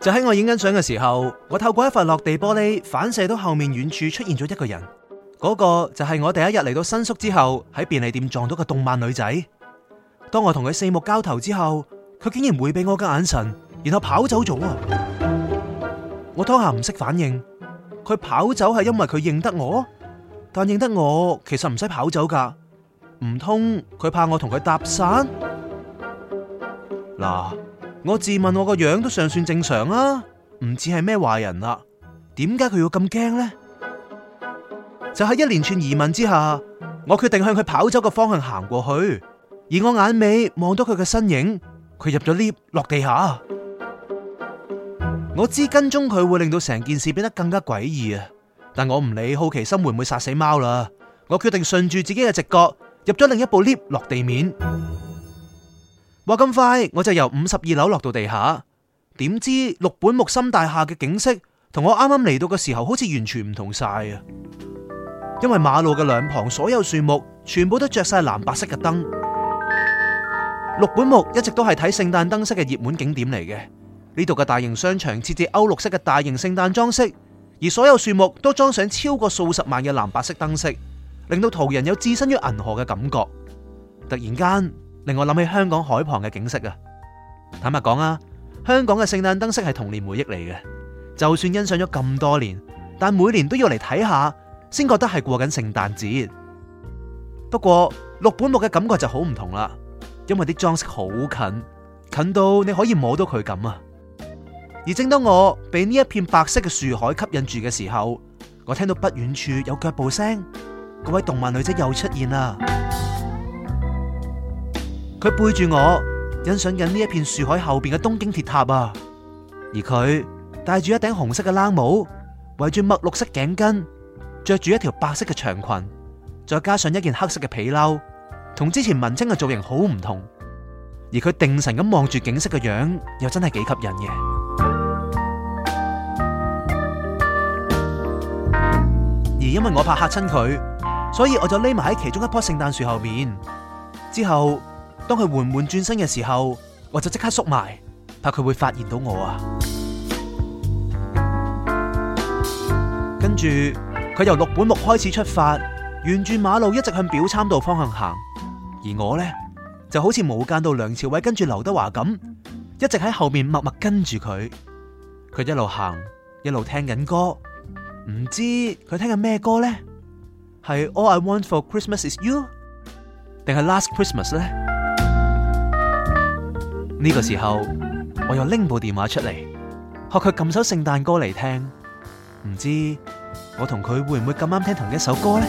就喺我影緊相嘅時候，我透過一塊落地玻璃反射到後面遠處出現咗一個人，嗰個就係我第一日嚟到新宿之後喺便利店撞到嘅動漫女仔。當我同佢四目交投之後，佢竟然回避我嘅眼神，然後跑走咗啊！我當下唔識反應，佢跑走係因為佢認得我，但認得我其實唔使跑走噶，唔通佢怕我同佢搭訕？嗱，我自問我個樣都尚算正常啊，唔似係咩壞人啦。點解佢要咁驚呢？就喺一連串疑問之下，我決定向佢跑走嘅方向行過去。而我眼尾望到佢嘅身影，佢入咗 lift 落地下。我知跟蹤佢會令到成件事變得更加詭異啊！但我唔理好奇心會唔會殺死貓啦。我決定順住自己嘅直覺，入咗另一部 lift 落地面。.話咁快我就由五十二樓落到地下，點知六本木森大廈嘅景色同我啱啱嚟到嘅時候好似完全唔同晒啊！因為馬路嘅兩旁所有樹木全部都着晒藍白色嘅燈。六本木一直都係睇聖誕燈飾嘅熱門景點嚟嘅，呢度嘅大型商場設置歐陸式嘅大型聖誕裝飾，而所有樹木都裝上超過數十萬嘅藍白色燈飾，令到途人有置身於銀河嘅感覺。突然間。令我諗起香港海旁嘅景色啊！坦白講啊，香港嘅聖誕燈飾係童年回憶嚟嘅，就算欣賞咗咁多年，但每年都要嚟睇下，先覺得係過緊聖誕節。不過六本木嘅感覺就好唔同啦，因為啲裝飾好近，近到你可以摸到佢咁啊！而正當我被呢一片白色嘅樹海吸引住嘅時候，我聽到不遠處有腳步聲，嗰位動漫女仔又出現啦。佢背住我，欣賞緊呢一片樹海後邊嘅東京鐵塔啊！而佢戴住一頂紅色嘅冷帽，圍住墨綠色頸巾，着住一條白色嘅長裙，再加上一件黑色嘅皮褸，同之前文青嘅造型好唔同。而佢定神咁望住景色嘅樣，又真係幾吸引嘅。而因為我怕吓親佢，所以我就匿埋喺其中一棵聖誕樹後面。之後。當佢緩緩轉身嘅時候，我就即刻縮埋，怕佢會發現到我啊！ 跟住佢由六本木開始出發，沿住馬路一直向表參道方向行，而我呢，就好似無間道梁朝偉跟住劉德華咁，一直喺後面默默跟住佢。佢一路行，一路聽緊歌，唔知佢聽緊咩歌呢？係 All I Want for Christmas is You？定係 Last Christmas 呢？呢個時候，我又拎部電話出嚟，學佢撳首聖誕歌嚟聽。唔知我同佢會唔會咁啱聽同一首歌呢？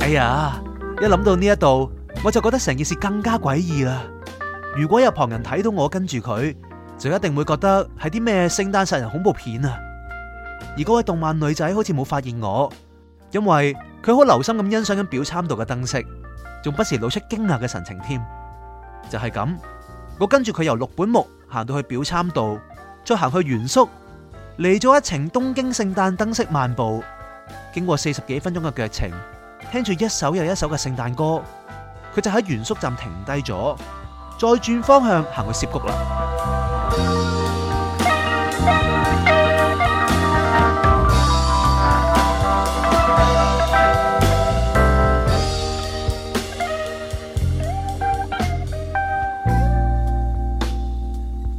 哎呀，一諗到呢一度，我就覺得成件事更加詭異啦。如果有旁人睇到我跟住佢，就一定會覺得係啲咩聖誕殺人恐怖片啊！而嗰位動漫女仔好似冇發現我，因為佢好留心咁欣賞緊表參道嘅燈飾，仲不時露出驚訝嘅神情添。就係咁，我跟住佢由六本木行到去表參道，再行去原宿，嚟咗一程東京聖誕燈飾漫步。經過四十幾分鐘嘅腳程，聽住一首又一首嘅聖誕歌，佢就喺原宿站停低咗，再轉方向行去涉谷啦。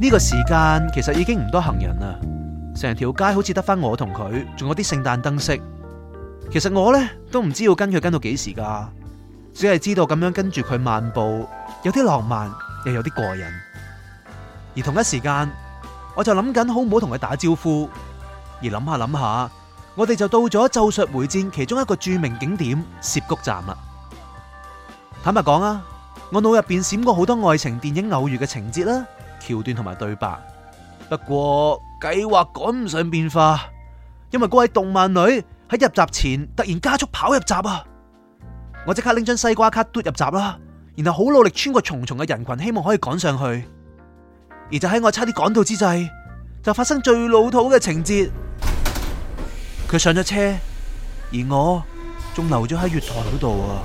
呢個時間其實已經唔多行人啦，成條街好似得翻我同佢，仲有啲聖誕燈飾。其實我呢，都唔知要跟佢跟到幾時㗎，只係知道咁樣跟住佢漫步，有啲浪漫，又有啲過癮。而同一時間，我就諗緊好唔好同佢打招呼。而諗下諗下，我哋就到咗《咒術回戰》其中一個著名景點澀谷站啦。坦白講啊，我腦入邊閃過好多愛情電影偶遇嘅情節啦。橋段同埋對白，不過計劃趕唔上變化，因為嗰位動漫女喺入閘前突然加速跑入閘啊！我即刻拎張西瓜卡嘟入閘啦，啊，然後好努力穿過重重嘅人群，希望可以趕上去。而就喺我差啲趕到之際，就發生最老土嘅情節，佢上咗車，而我仲留咗喺月台嗰度啊！